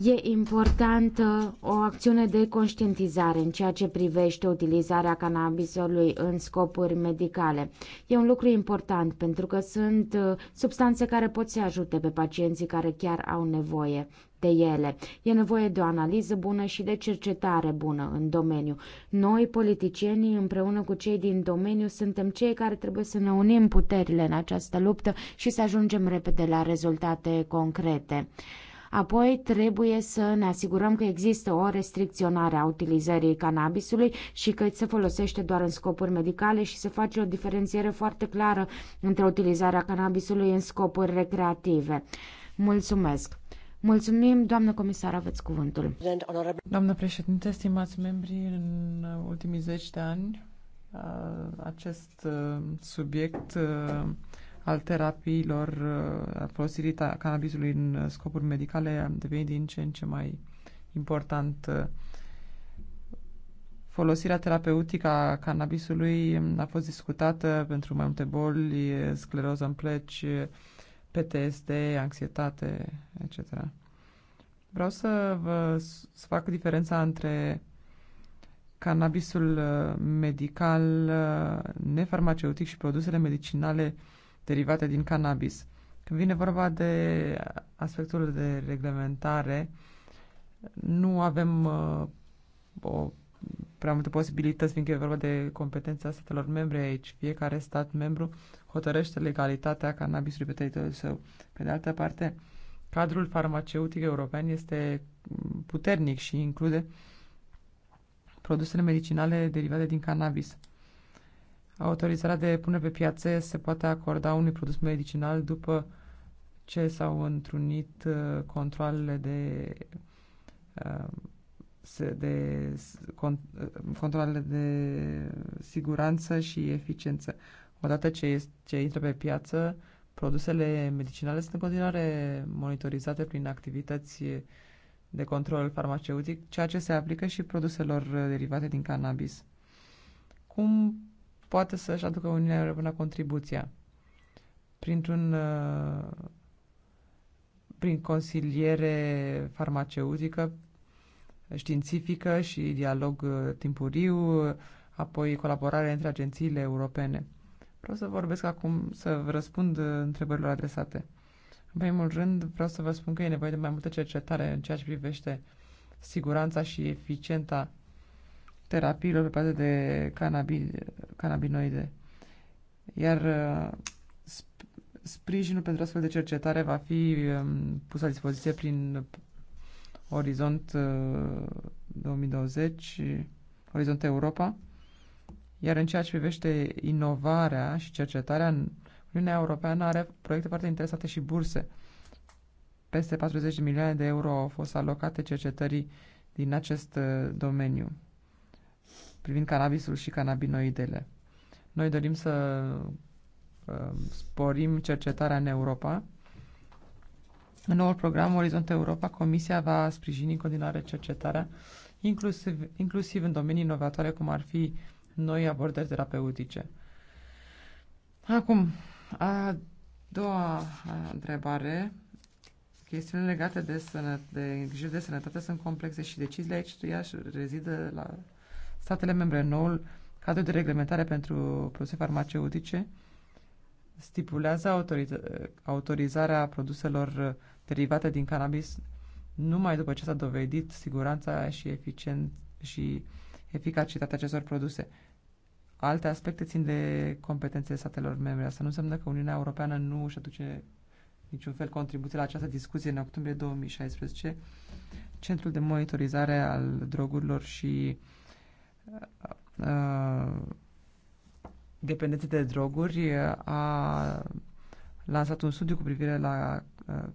E importantă o acțiune de conștientizare în ceea ce privește utilizarea cannabisului în scopuri medicale. E un lucru important pentru că sunt uh, substanțe care pot să ajute pe pacienții care chiar au nevoie de ele. E nevoie de o analiză bună și de cercetare bună în domeniu. Noi, politicienii, împreună cu cei din domeniu, suntem cei care trebuie să ne unim puterile în această luptă și să ajungem repede la rezultate concrete. Apoi trebuie să ne asigurăm că există o restricționare a utilizării cannabisului și că se folosește doar în scopuri medicale și se face o diferențiere foarte clară între utilizarea cannabisului în scopuri recreative. Mulțumesc! Mulțumim, doamnă comisar, aveți cuvântul.
Doamnă președinte, stimați membri, în ultimii zeci de ani acest subiect al terapiilor, uh, a folosirii cannabisului în uh, scopuri medicale a devenit din ce în ce mai important. Folosirea terapeutică a cannabisului um, a fost discutată pentru mai multe boli, scleroză în pleci, PTSD, anxietate, etc. Vreau să vă să fac diferența între cannabisul uh, medical, nefarmaceutic și produsele medicinale derivate din cannabis. Când vine vorba de aspectul de reglementare, nu avem uh, o, prea multe posibilități, fiindcă e vorba de competența statelor membre aici. Fiecare stat membru hotărăște legalitatea cannabisului pe teritoriul său. Pe de altă parte, cadrul farmaceutic european este mm, puternic și include produsele medicinale derivate din cannabis. Autorizarea de punere pe piață se poate acorda unui produs medicinal după ce s-au întrunit uh, controlele de uh, de uh, controlele de siguranță și eficiență. Odată ce, este, ce intră pe piață, produsele medicinale sunt în continuare monitorizate prin activități de control farmaceutic, ceea ce se aplică și produselor derivate din cannabis. Cum poate să-și aducă Uniunea Europeană contribuția printr-un uh, prin consiliere farmaceutică, științifică și dialog uh, timpuriu, apoi colaborare între agențiile europene. Vreau să vorbesc acum, să vă răspund uh, întrebărilor adresate. În primul rând, vreau să vă spun că e nevoie de mai multă cercetare în ceea ce privește siguranța și eficienta terapiilor pe bază de cannabis, canabinoide. Iar uh, sprijinul pentru astfel de cercetare va fi um, pus la dispoziție prin Orizont 2020, uh, Orizont Europa. Iar în ceea ce privește inovarea și cercetarea, Uniunea Europeană are proiecte foarte interesate și burse. Peste 40 de milioane de euro au fost alocate cercetării din acest uh, domeniu privind cannabisul și cannabinoidele. Noi dorim să uh, sporim cercetarea în Europa. În noul program Orizont Europa, Comisia va sprijini în continuare cercetarea, inclusiv, inclusiv în domenii inovatoare, cum ar fi noi abordări terapeutice. Acum, a doua întrebare. Chestiunile legate de, sănă, de grijă de sănătate sunt complexe și deciziile aici rezidă la statele membre. Noul cadru de reglementare pentru produse farmaceutice stipulează autorizarea produselor derivate din cannabis numai după ce s-a dovedit siguranța și, eficient, și eficacitatea acestor produse. Alte aspecte țin de competențele statelor membre. Asta nu înseamnă că Uniunea Europeană nu își aduce niciun fel contribuție la această discuție în octombrie 2016. Centrul de monitorizare al drogurilor și dependenței de droguri a lansat un studiu cu privire la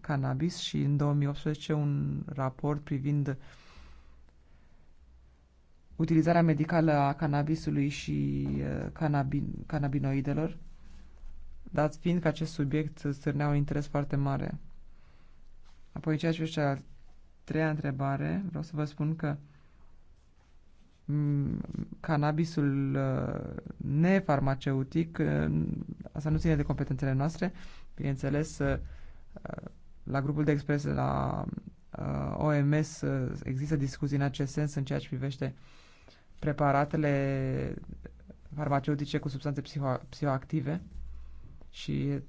cannabis și în 2018 un raport privind utilizarea medicală a cannabisului și cannabin, cannabinoidelor, dat fiind că acest subiect stârnea un interes foarte mare. Apoi, ceea ce a treia întrebare, vreau să vă spun că Mm, cannabisul uh, nefarmaceutic, uh, asta nu ține de competențele noastre, bineînțeles, uh, la grupul de expres la OMS există discuții în acest sens în ceea ce privește preparatele farmaceutice cu substanțe psihoactive și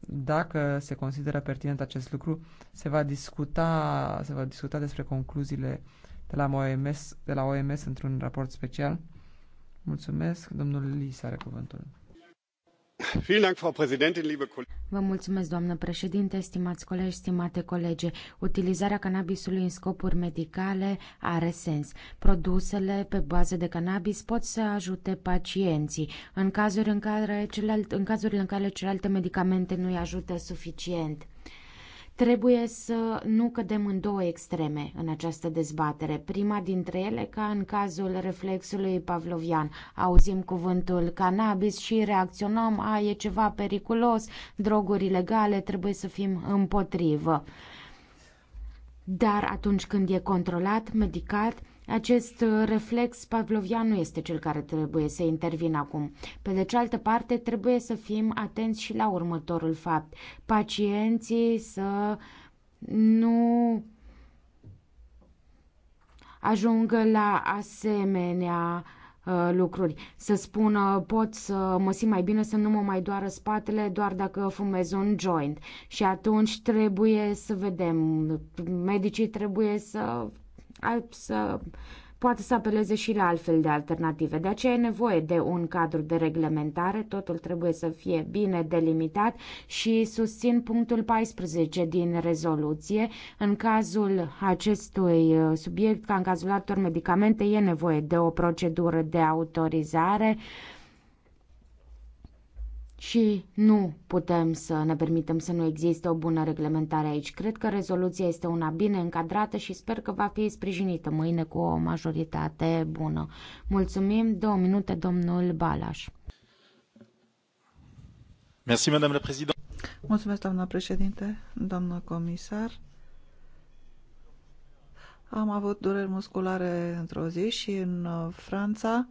dacă se consideră pertinent acest lucru, se va discuta, se va discuta despre concluziile uh, de la OMS, de la OMS într-un raport special. Mulțumesc. Domnul Lis are cuvântul.
Vă mulțumesc, doamnă președinte, stimați colegi, stimate colege. Utilizarea cannabisului în scopuri medicale are sens. Produsele pe bază de cannabis pot să ajute pacienții în, cazuri în, care celelalte, în cazurile în care celelalte medicamente nu îi ajută suficient. Trebuie să nu cădem în două extreme în această dezbatere. Prima dintre ele, ca în cazul reflexului pavlovian, auzim cuvântul cannabis și reacționăm, a, e ceva periculos, droguri ilegale, trebuie să fim împotrivă. Dar atunci când e controlat, medicat, acest uh, reflex pavlovian nu este cel care trebuie să intervină acum. Pe de cealaltă parte, trebuie să fim atenți și la următorul fapt. Pacienții să nu ajungă la asemenea uh, lucruri. Să spună pot să mă simt mai bine, să nu mă mai doară spatele doar dacă fumez un joint. Și atunci trebuie să vedem, medicii trebuie să să poate să apeleze și la altfel de alternative. De aceea e nevoie de un cadru de reglementare, totul trebuie să fie bine delimitat și susțin punctul 14 din rezoluție. În cazul acestui uh, subiect, ca în cazul altor medicamente, e nevoie de o procedură de autorizare. Uh, și nu putem să ne permitem să nu existe o bună reglementare aici. Cred că rezoluția este una bine încadrată și sper că va fi sprijinită mâine cu o majoritate bună. Mulțumim. Două minute, domnul Balaș.
Merci, madame la Mulțumesc, doamna președinte, doamnă comisar. Am avut dureri musculare într-o zi și în uh, Franța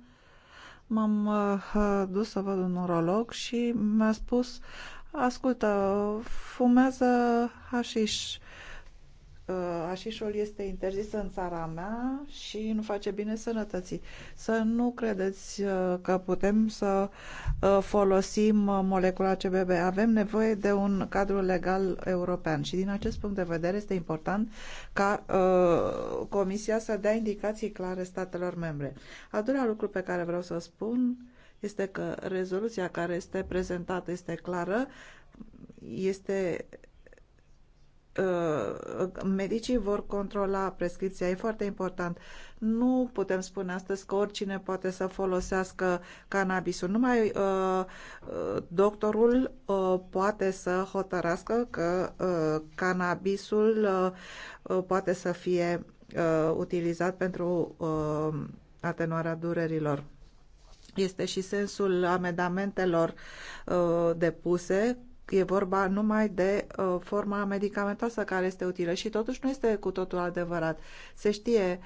M-am uh, dus să văd un urolog și mi-a spus Ascultă, fumează hașiș Uh, așișul este interzis în țara mea și nu face bine sănătății. Să nu credeți uh, că putem să uh, folosim molecula CBB. Avem nevoie de un cadru legal european și din acest punct de vedere este important ca Comisia să dea indicații clare statelor membre. Al doilea lucru pe care vreau să spun este că rezoluția care este prezentată este clară, este Uh, medicii vor controla prescripția. E foarte important. Nu putem spune astăzi că oricine poate să folosească cannabisul. Numai uh, uh, doctorul poate să hotărască că cannabisul poate să fie utilizat pentru atenuarea durerilor. Este și sensul amendamentelor uh, depuse e vorba numai de uh, forma medicamentoasă care este utilă și totuși nu este cu totul adevărat. Se știe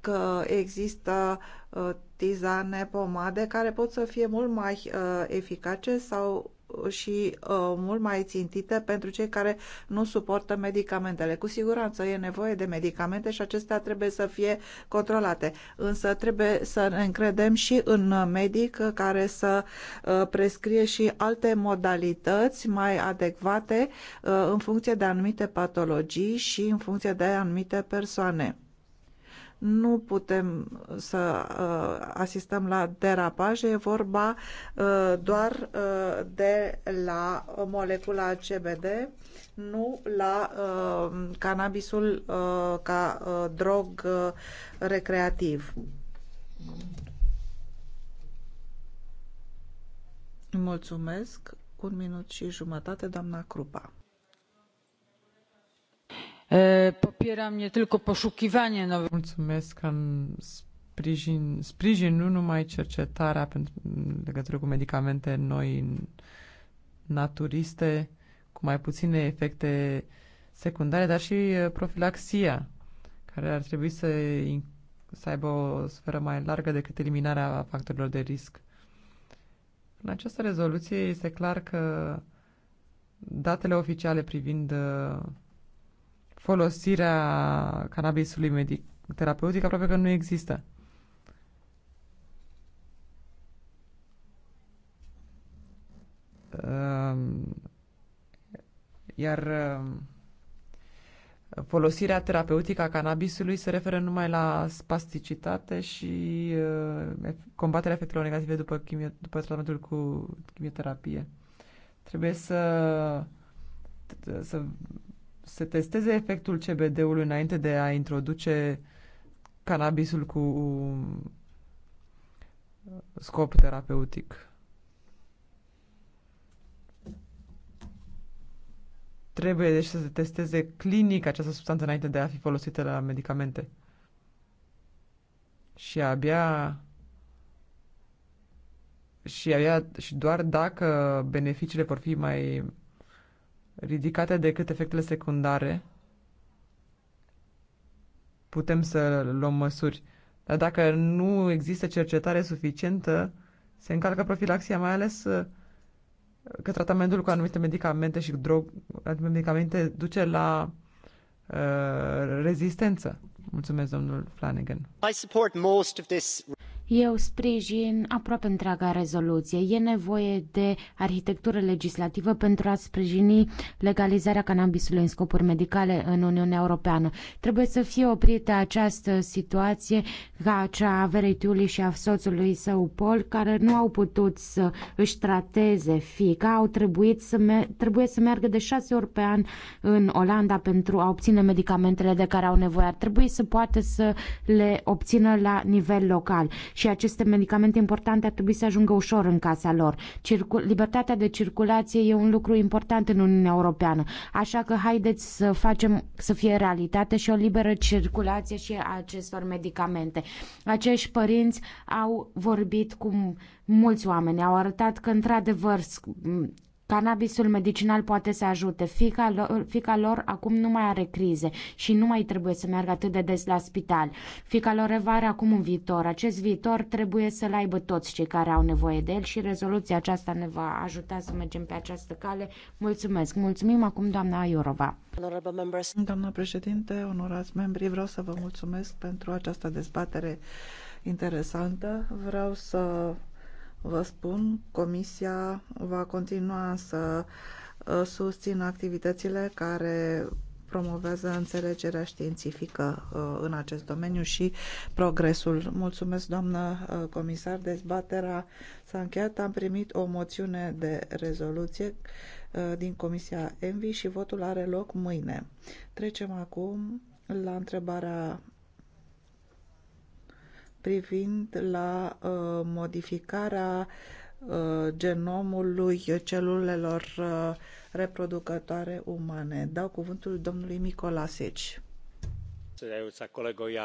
că există uh, tizane, pomade care pot să fie mult mai uh, eficace sau și uh, mult mai țintite pentru cei care nu suportă medicamentele. Cu siguranță e nevoie de medicamente și acestea trebuie să fie controlate, însă trebuie să ne încredem și în medic care să uh, prescrie și alte modalități mai adecvate uh, în funcție de anumite patologii și în funcție de anumite persoane nu putem să uh, asistăm la derapaje, e vorba uh, doar uh, de la molecula CBD, nu la cannabisul ca drog recreativ. Mulțumesc. Un minut și jumătate, doamna Crupa.
Popieram nie tylko poszukiwanie nowych... Mulțumesc că sprijin, sprijin nu numai cercetarea pentru, legătură cu medicamente noi naturiste, cu mai puține efecte secundare, dar și profilaxia, care ar trebui să, să aibă o sferă mai largă decât eliminarea factorilor de risc. În această rezoluție este clar că datele oficiale privind folosirea cannabisului medic terapeutic aproape că nu există. Ehm, iar ehm, folosirea terapeutică a cannabisului se referă numai la spasticitate și ehm, combaterea efectelor negative după, chimio, după tratamentul cu chimioterapie. Trebuie să, să se testeze efectul CBD-ului înainte de a introduce cannabisul cu scop terapeutic. Trebuie deci să se testeze clinic această substanță înainte de a fi folosită la medicamente. Și abia și abia și doar dacă beneficiile vor fi mai ridicate decât efectele secundare, putem să luăm măsuri. Dar dacă nu există cercetare suficientă, se încalcă profilaxia, mai ales uh, că tratamentul cu anumite medicamente și drog, medicamente duce la uh, rezistență. Mulțumesc, domnul Flanagan.
Eu sprijin aproape întreaga rezoluție. E nevoie de arhitectură legislativă pentru a sprijini legalizarea cannabisului în scopuri medicale în Uniunea Europeană. Trebuie să fie oprită această situație ca cea a veretiului și a soțului său Paul, care nu au putut să își trateze fica, au trebuit să trebuie să meargă de șase ori pe an în Olanda pentru a obține medicamentele de care au nevoie. Ar trebui să poată să le obțină la nivel local și aceste medicamente importante ar trebui să ajungă ușor în casa lor. Circul- libertatea de circulație e un lucru important în Uniunea Europeană, așa că haideți să facem să fie realitate și o liberă circulație și a acestor medicamente. Acești părinți au vorbit cu mulți oameni, au arătat că într-adevăr Cannabisul medicinal poate să ajute. Fica lor, fica lor acum nu mai are crize și nu mai trebuie să meargă atât de des la spital. Fica lor are acum un viitor. Acest viitor trebuie să-l aibă toți cei care au nevoie de el și rezoluția aceasta ne va ajuta să mergem pe această cale. Mulțumesc! Mulțumim acum doamna Iorova. Doamna președinte, onorați membri, vreau să vă mulțumesc pentru această dezbatere
interesantă. Vreau să Vă spun, Comisia va continua să uh, susțină activitățile care promovează înțelegerea științifică uh, în acest domeniu și progresul. Mulțumesc, doamnă uh, comisar. Dezbaterea s-a încheiat. Am primit o moțiune de rezoluție din Comisia Envi și votul are loc mâine. Trecem acum la întrebarea privind la uh, modificarea uh, genomului celulelor uh, reproducătoare umane. Dau cuvântul domnului Micolasici.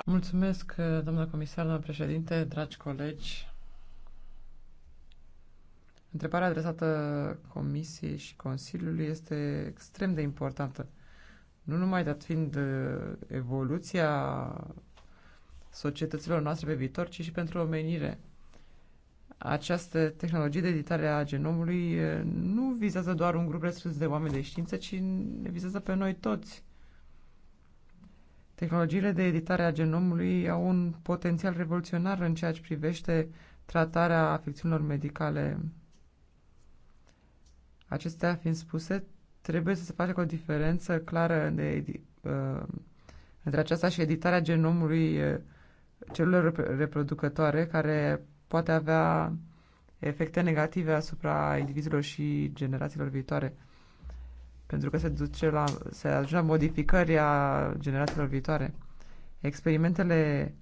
Mulțumesc, uh, domnule comisar, domnule președinte,
dragi colegi. Întrebarea adresată Comisiei și Consiliului este extrem de importantă. Nu numai dat fiind uh, evoluția societăților noastre pe viitor, ci și pentru omenire. Această tehnologie de editare a genomului nu vizează doar un grup restrâns de oameni de știință, ci ne vizează pe noi toți. Tehnologiile de editare a genomului au un potențial revoluționar în ceea ce privește tratarea afecțiunilor medicale. Acestea fiind spuse, trebuie să se facă o diferență clară de, uh, între aceasta și editarea genomului uh, celule reproducătoare care poate avea efecte negative asupra indivizilor și generațiilor viitoare. Pentru că se, duce la, se ajunge la modificări a generațiilor viitoare. Experimentele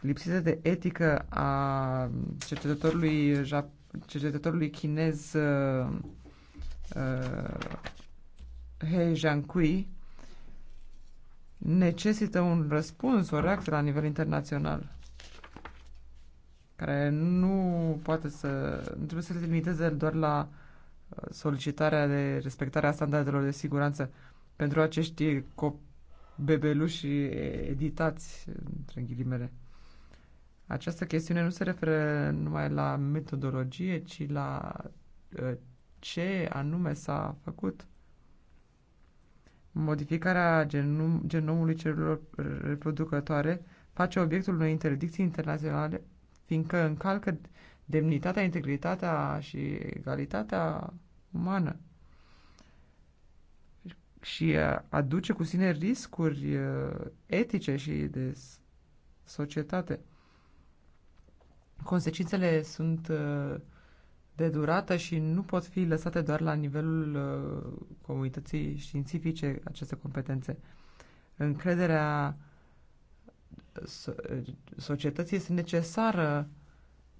lipsite de etică a cercetătorului, cercetătorului chinez uh, uh, He Jiankui necesită un răspuns, o reacție la nivel internațional care nu poate să nu trebuie să se limiteze doar la uh, solicitarea de respectarea standardelor de siguranță pentru acești copii bebeluși editați, între ghilimele. Această chestiune nu se referă numai la metodologie, ci la uh, ce anume s-a făcut. Modificarea genom genomului celulelor reproducătoare face obiectul unei interdicții internaționale, fiindcă încalcă demnitatea, integritatea și egalitatea umană și uh, aduce cu sine riscuri uh, etice și de societate. Consecințele sunt uh, de durată și nu pot fi lăsate doar la nivelul uh, comunității științifice aceste competențe. Încrederea uh, uh, societății este necesară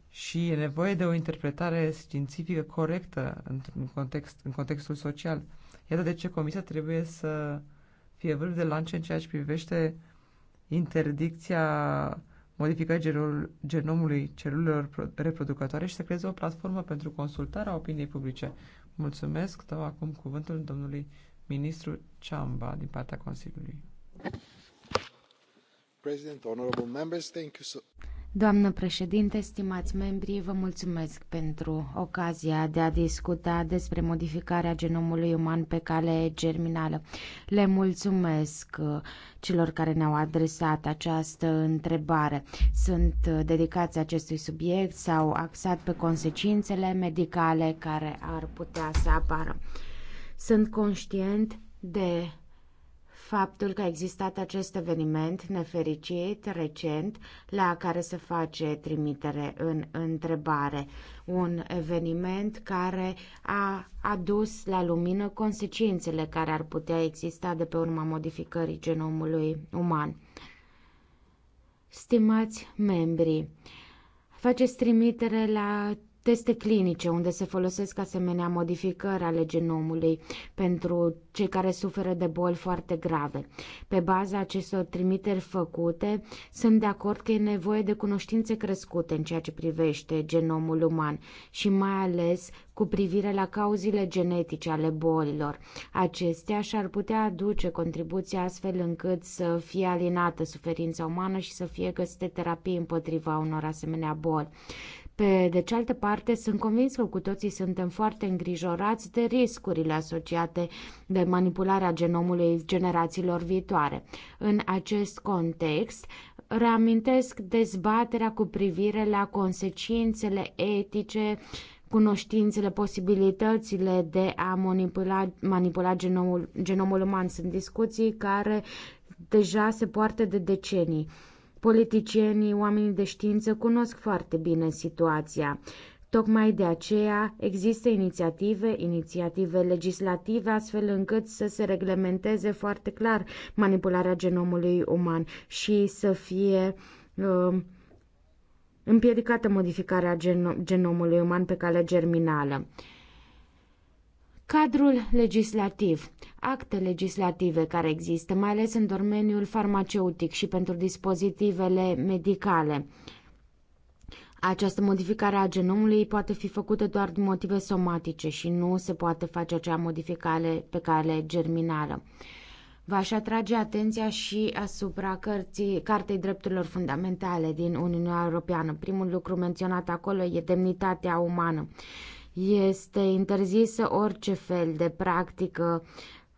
și e nevoie de o interpretare științifică corectă în, context, în contextul social. Iată de ce Comisia trebuie să fie vârf de lance în ceea ce privește interdicția modificări genomului celulelor reproducătoare și să creeze o platformă pentru consultarea opiniei publice. Mulțumesc, dau acum cuvântul domnului ministru Ciamba din partea Consiliului.
President, honorable members, thank you so
Doamnă președinte, stimați membri, vă mulțumesc pentru ocazia de a discuta despre modificarea genomului uman pe cale germinală. Le mulțumesc uh, celor care ne-au adresat această întrebare. Sunt uh, dedicați acestui subiect, sau axat pe consecințele medicale care ar putea să apară. Sunt conștient de Faptul că a existat acest eveniment nefericit recent la care se face trimitere în întrebare, un eveniment care a adus la lumină consecințele care ar putea exista de pe urma modificării genomului uman. Stimați membri, faceți trimitere la teste clinice unde se folosesc asemenea modificări ale genomului pentru cei care suferă de boli foarte grave. Pe baza acestor trimiteri făcute, sunt de acord că e nevoie de cunoștințe crescute în ceea ce privește genomul uman și mai ales cu privire la cauzile genetice ale bolilor. Acestea și-ar putea aduce contribuția astfel încât să fie alinată suferința umană și să fie găsite terapii împotriva unor asemenea boli. Pe de cealaltă parte, sunt convins că cu toții suntem foarte îngrijorați de riscurile asociate de manipularea genomului generațiilor viitoare. În acest context, reamintesc dezbaterea cu privire la consecințele etice cunoștințele, posibilitățile de a manipula, manipula genomul, genomul uman. Sunt discuții care deja se poartă de decenii. Politicienii, oamenii de știință cunosc foarte bine situația. Tocmai de aceea există inițiative, inițiative legislative, astfel încât să se reglementeze foarte clar manipularea genomului uman și să fie uh, împiedicată modificarea geno- genomului uman pe cale germinală. Cadrul legislativ, acte legislative care există, mai ales în domeniul farmaceutic și pentru dispozitivele medicale. Această modificare a genomului poate fi făcută doar din motive somatice și nu se poate face acea modificare pe cale germinală. V-aș atrage atenția și asupra cărții, Cartei Drepturilor Fundamentale din Uniunea Europeană. Primul lucru menționat acolo e demnitatea umană. Este interzisă orice fel de practică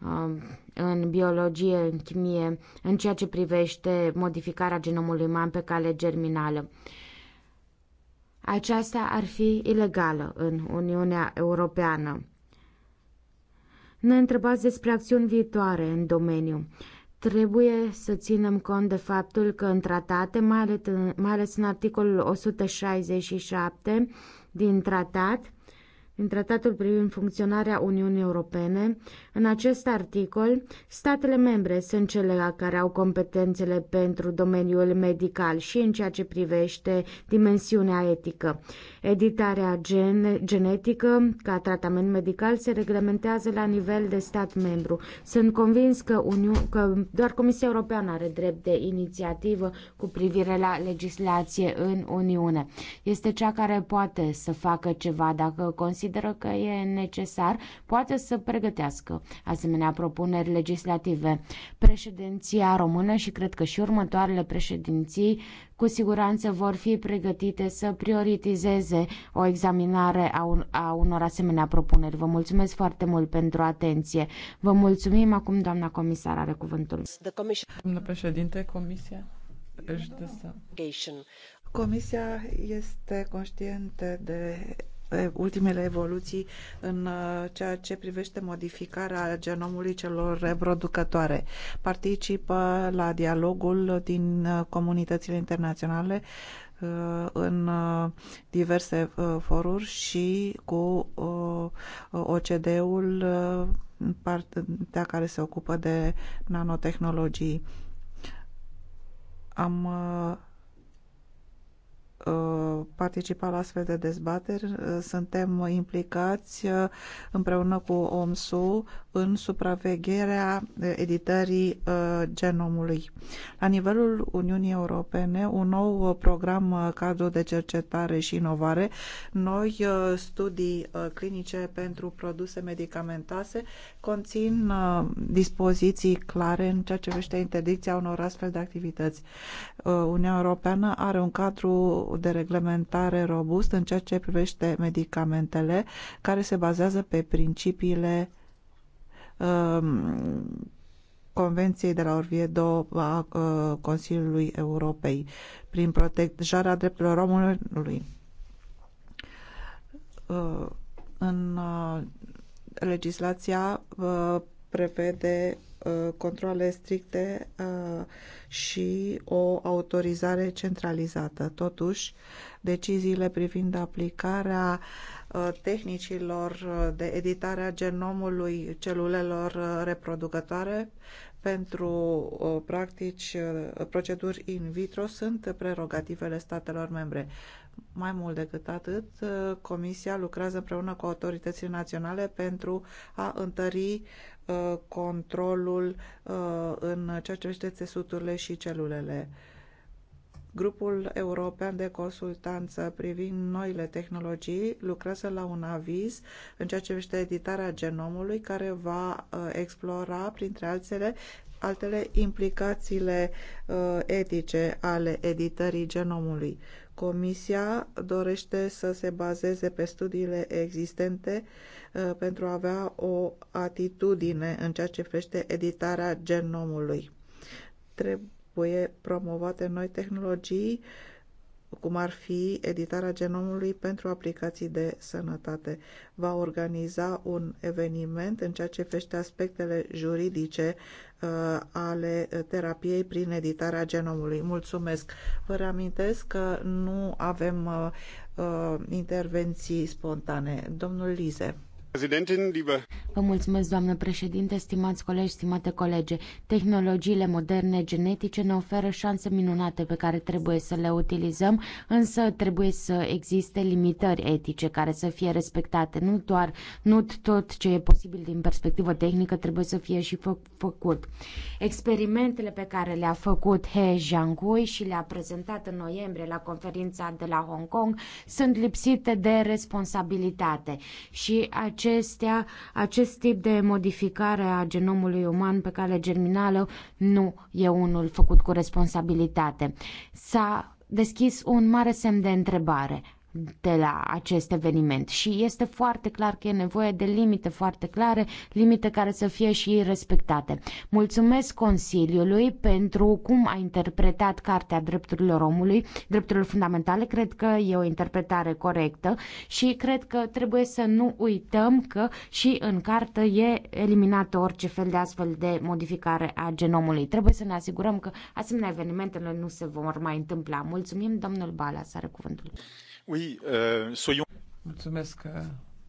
um, în biologie, în chimie, în ceea ce privește modificarea genomului uman pe cale germinală. Aceasta ar fi ilegală în Uniunea Europeană. Ne întrebați despre acțiuni viitoare în domeniu. Trebuie să ținem cont de faptul că în tratate, mai ales în, mai ales în articolul 167 din tratat, în tratatul privind funcționarea Uniunii Europene, în acest articol, statele membre sunt cele care au competențele pentru domeniul medical și în ceea ce privește dimensiunea etică. Editarea gen- genetică ca tratament medical se reglementează la nivel de stat membru. Sunt convins că, Uniu- că doar Comisia Europeană are drept de inițiativă cu privire la legislație în Uniune. Este cea care poate să facă ceva dacă consideră că e necesar, poate să pregătească asemenea propuneri legislative. Președinția română și cred că și următoarele președinții cu siguranță vor fi pregătite să prioritizeze o examinare a, un, a unor asemenea propuneri. Vă mulțumesc foarte mult pentru atenție. Vă mulțumim. Acum, doamna comisar, are cuvântul.
Domnul președinte, Comisia își dă Comisia este conștientă de ultimele evoluții în uh, ceea ce privește modificarea genomului celor reproducătoare. Participă la dialogul din uh, comunitățile internaționale uh, în diverse foruri și cu OCD-ul, partea care se ocupă de nanotehnologii. Am Uh, participa la astfel de dezbateri. Uh, suntem implicați uh, împreună cu OMSU în supravegherea editării genomului. La nivelul Uniunii Europene, un nou program cadru de cercetare și inovare, noi studii clinice pentru produse medicamentoase conțin dispoziții clare în ceea ce vește interdicția unor astfel de activități. Uniunea Europeană are un cadru de reglementare robust în ceea ce privește medicamentele, care se bazează pe principiile um, Convenției de la Orviedo a uh, Consiliului Europei prin protejarea drepturilor omului. Uh, în uh, legislația uh, prevede uh, controle stricte uh, și o autorizare centralizată. Totuși, deciziile privind aplicarea uh, tehnicilor de editare a genomului celulelor reproducătoare pentru practici, proceduri in vitro sunt prerogativele statelor membre. Mai mult decât atât, Comisia lucrează împreună cu autoritățile naționale pentru a întări Uh, controlul uh, în ceea ce privește țesuturile și celulele. Grupul European de Consultanță privind noile tehnologii lucrează la un aviz în ceea ce privește editarea genomului care va uh, explora, printre altele, altele implicațiile etice ale editării genomului. Comisia dorește să se bazeze pe studiile existente uh, pentru a avea o atitudine în ceea ce privește editarea genomului. Trebuie promovate noi tehnologii cum ar fi editarea genomului pentru aplicații de sănătate. Va organiza un eveniment în ceea ce fește aspectele juridice uh, ale terapiei prin editarea genomului. Mulțumesc! Vă reamintesc că nu avem
uh, uh intervenții spontane. Domnul Lize. Vă mulțumesc, doamnă președinte, stimați colegi, stimate colege. Tehnologiile moderne genetice ne oferă șanse minunate pe care trebuie să le utilizăm, însă trebuie să existe limitări etice care să fie respectate. Nu doar, nu tot ce e posibil din perspectivă tehnică trebuie să fie și fă, făcut. Experimentele pe care le-a făcut He Jiankui și le-a prezentat în noiembrie la conferința de la Hong Kong sunt lipsite de responsabilitate și acest acestea, acest tip de modificare a genomului uman pe cale germinală nu e unul făcut cu responsabilitate. S-a deschis un mare semn de întrebare de la acest eveniment și este foarte clar că e nevoie de limite foarte clare, limite care să fie și respectate. Mulțumesc Consiliului pentru cum a interpretat Cartea Drepturilor Omului, Drepturile Fundamentale, cred că e o interpretare corectă și cred că trebuie să nu uităm că și în carte e eliminată orice fel de astfel de modificare a genomului. Trebuie să ne asigurăm că asemenea evenimentele nu se vor mai întâmpla. Mulțumim, domnul Balas, are cuvântul.
Oui, euh, soyons... Mulțumesc. Uh,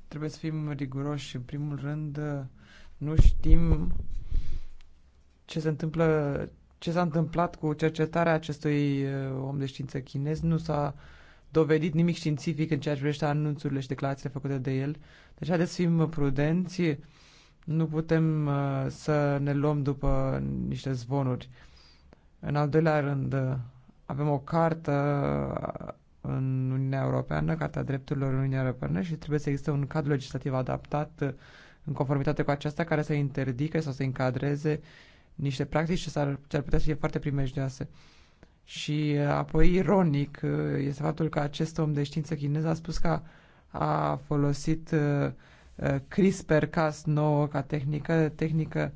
trebuie să fim riguroși. În primul rând, uh, nu știm ce se întâmplă, ce s-a întâmplat cu cercetarea acestui uh, om de știință chinez. Nu s-a dovedit nimic științific în ceea ce privește anunțurile și declarațiile făcute de el. Deci haideți să fim prudenți. Nu putem să ne luăm după niște zvonuri. În al doilea rând, avem o cartă în Uniunea Europeană, Carta Drepturilor în Uniunea Europeană și trebuie să existe un cadru legislativ adaptat uh, în conformitate cu aceasta care să interdică sau să încadreze niște practici ce ar, ce ar putea să fie foarte primejdioase. Și uh, apoi, ironic, uh, este faptul că acest om de știință chinez a spus că a folosit CRISPR-Cas9 ca tehnică, tehnică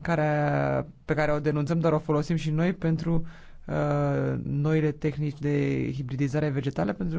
care, pe care o denunțăm, dar o folosim și noi pentru uh, Uh, noile tehnici de hibridizare vegetală pentru că